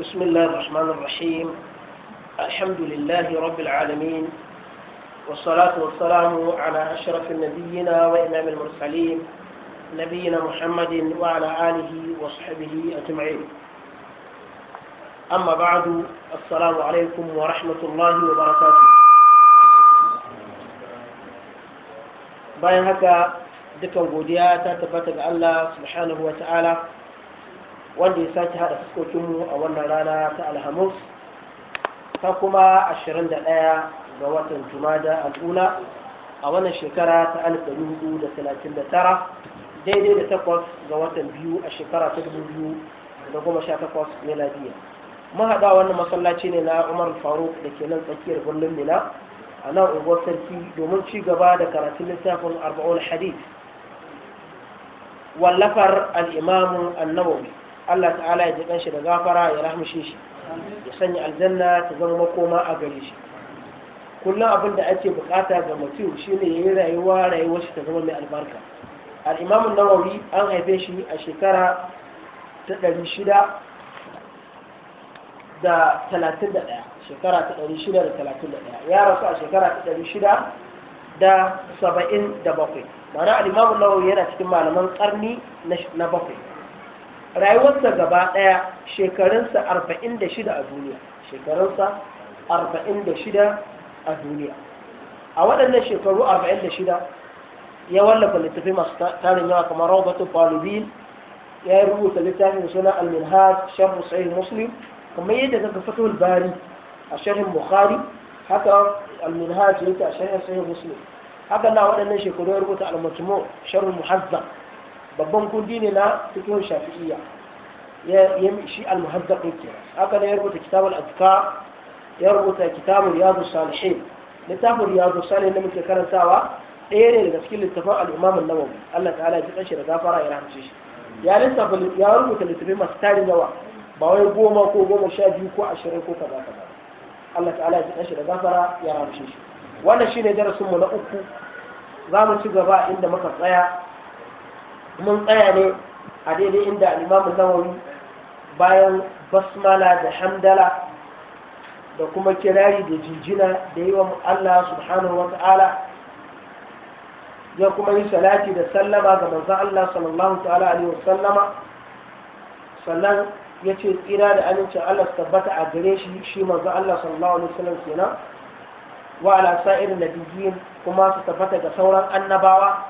بسم الله الرحمن الرحيم الحمد لله رب العالمين والصلاة والسلام على أشرف النبيين وإمام المرسلين نبينا محمد وعلى آله وصحبه أجمعين أما بعد السلام عليكم ورحمة الله وبركاته bayan haka dukan godiya الله سبحانه وتعالى wanda ya sake haɗa fuskokinmu a wannan rana ta alhamis ta kuma 21 ga watan jumada al'ula a wannan shekara ta 1439 daidai da takwas ga watan biyu a shekara ta 2018 meladiya mahaɗa wannan masallaci ne na umar faruk da ke nan tsakiyar birnin mina a nan unguwar sarki domin ci gaba da karatun littafin arba'ul hadith wallafar al'imamun annawawi Allah ta'ala ya ji ɗanshi da gafara ya rahmishe shi ya sanya aljanna ta zama makoma a gare shi kullum abin da ake bukata ga mutum shine ya yi rayuwa rayuwar shi ta zama mai albarka al-imam nawawi an haife shi a shekara ta ɗari shida da talatin da ɗaya shekara ta ɗari shida da talatin da ɗaya ya rasu a shekara ta ɗari shida da saba'in da bakwai ma'ana al-imam nawawi yana cikin malaman ƙarni na bakwai rayuwarsa gaba ɗaya shekarunsa arba'in da shida a duniya shekarunsa arba'in a duniya a waɗannan shekaru arba'in da shida ya wallafa littafi masu tarin yawa kamar rawdatu talibin ya rubuta littafin suna al-minhaj sharh sahih muslim kamar yadda daga fatul bari a sharhin bukhari haka al-minhaj yake a sharhin sahih muslim haka na waɗannan shekaru ya rubuta al-majmu sharh muhazzab babban kundi ne na cikin shafi'iyya ya shi al-muhaddaq yake haka ne ya rubuta kitab al-azka ya rubuta kitab riyadu salihin littafin riyadu salihin da muke karantawa ɗaya ne daga cikin littafin al-imam an-nawawi Allah ta'ala ya tsare shi da gafara ya rahmace shi ya lissafa ya rubuta littafin masu tarin yawa ba wai goma ko goma sha biyu ko ashirin ko kaza kaza Allah ta'ala ya tsare shi da gafara ya rahmace shi wannan shine darasin mu na uku za mu ci gaba inda muka tsaya mun tsaya ne a daidai inda al'imamu nawawi bayan basmala da hamdala da kuma kirari da jijina da yi wa Allah subhanahu wa ta'ala ya kuma yi salati da sallama ga manzan Allah sallallahu ta'ala alaihi wa sallama sannan ya ce tsira da amincin Allah su tabbata a gare shi shi manzan Allah sallallahu alaihi wa sallam kenan wa ala sa'irin nabiyyin kuma su tabbata ga sauran annabawa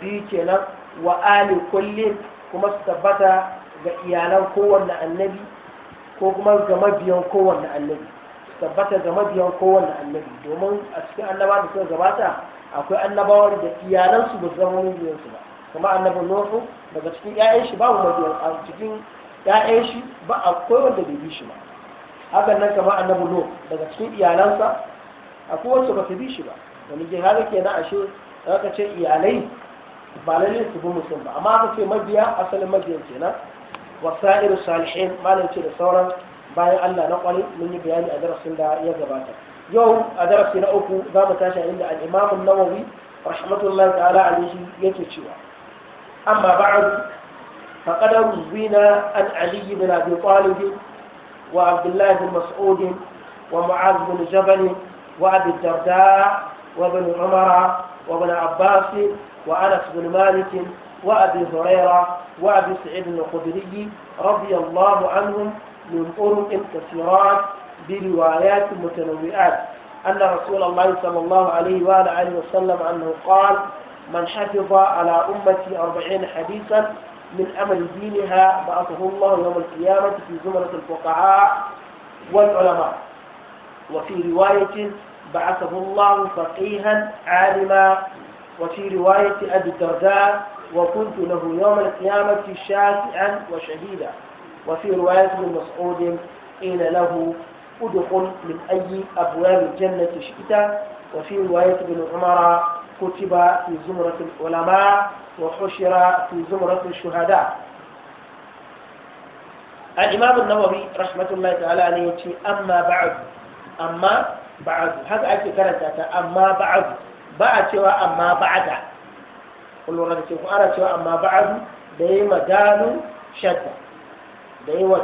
biyu kenan wa ali kullin kuma su tabbata ga iyalan kowanne annabi ko kuma ga mabiyan kowanne annabi su tabbata ga mabiyan kowanne annabi domin a cikin annaba da suka gabata akwai annabawan da iyalansu ba zama su ba kuma annabin nuhu daga cikin 'ya'yan shi babu mabiyan a cikin 'ya'yan shi ba akwai wanda bai bi shi ba hakan nan kamar annabi nuhu daga cikin iyalansa akwai wanda ba su bi shi ba wani ke na ashe za ce iyalai ba lalle su bi mutum ba amma kace ce mabiya asalin mabiya kenan Wasa'iru salihin malam ce da sauran bayan Allah na kwari mun yi bayani a darasin da ya gabata yau a darasi na uku za mu tashi inda al-Imam nawawi rahmatullahi ta'ala alaihi yake cewa amma ba'd faqad ruzina an Ali bin Abi Talib wa Abdullah bin Mas'ud wa Mu'adh ibn Jabal wa Abi Darda wa Ibn Umar wa Ibn Abbas وأنس بن مالك وأبي هريرة وأبي سعيد الخدري رضي الله عنهم من طرق كثيرات بروايات متنوعات أن رسول الله صلى الله عليه وآله وسلم أنه قال من حفظ على أمتي أربعين حديثا من أمل دينها بعثه الله يوم القيامة في زمرة الفقهاء والعلماء وفي رواية بعثه الله فقيها عالما وفي رواية أبي الدرداء وكنت له يوم القيامة شافعا وشهيدا وفي رواية ابن مسعود قيل له ادخل من أي أبواب الجنة شئت وفي رواية ابن عمر كتب في زمرة العلماء وحشر في زمرة الشهداء الإمام النووي رحمة الله تعالى عليه أما بعد أما بعد هذا أكثر أما بعد ba a cewa amma ba'ada kullum da ce ku ana cewa amma ba'adu da yi madanun shadda da yi wa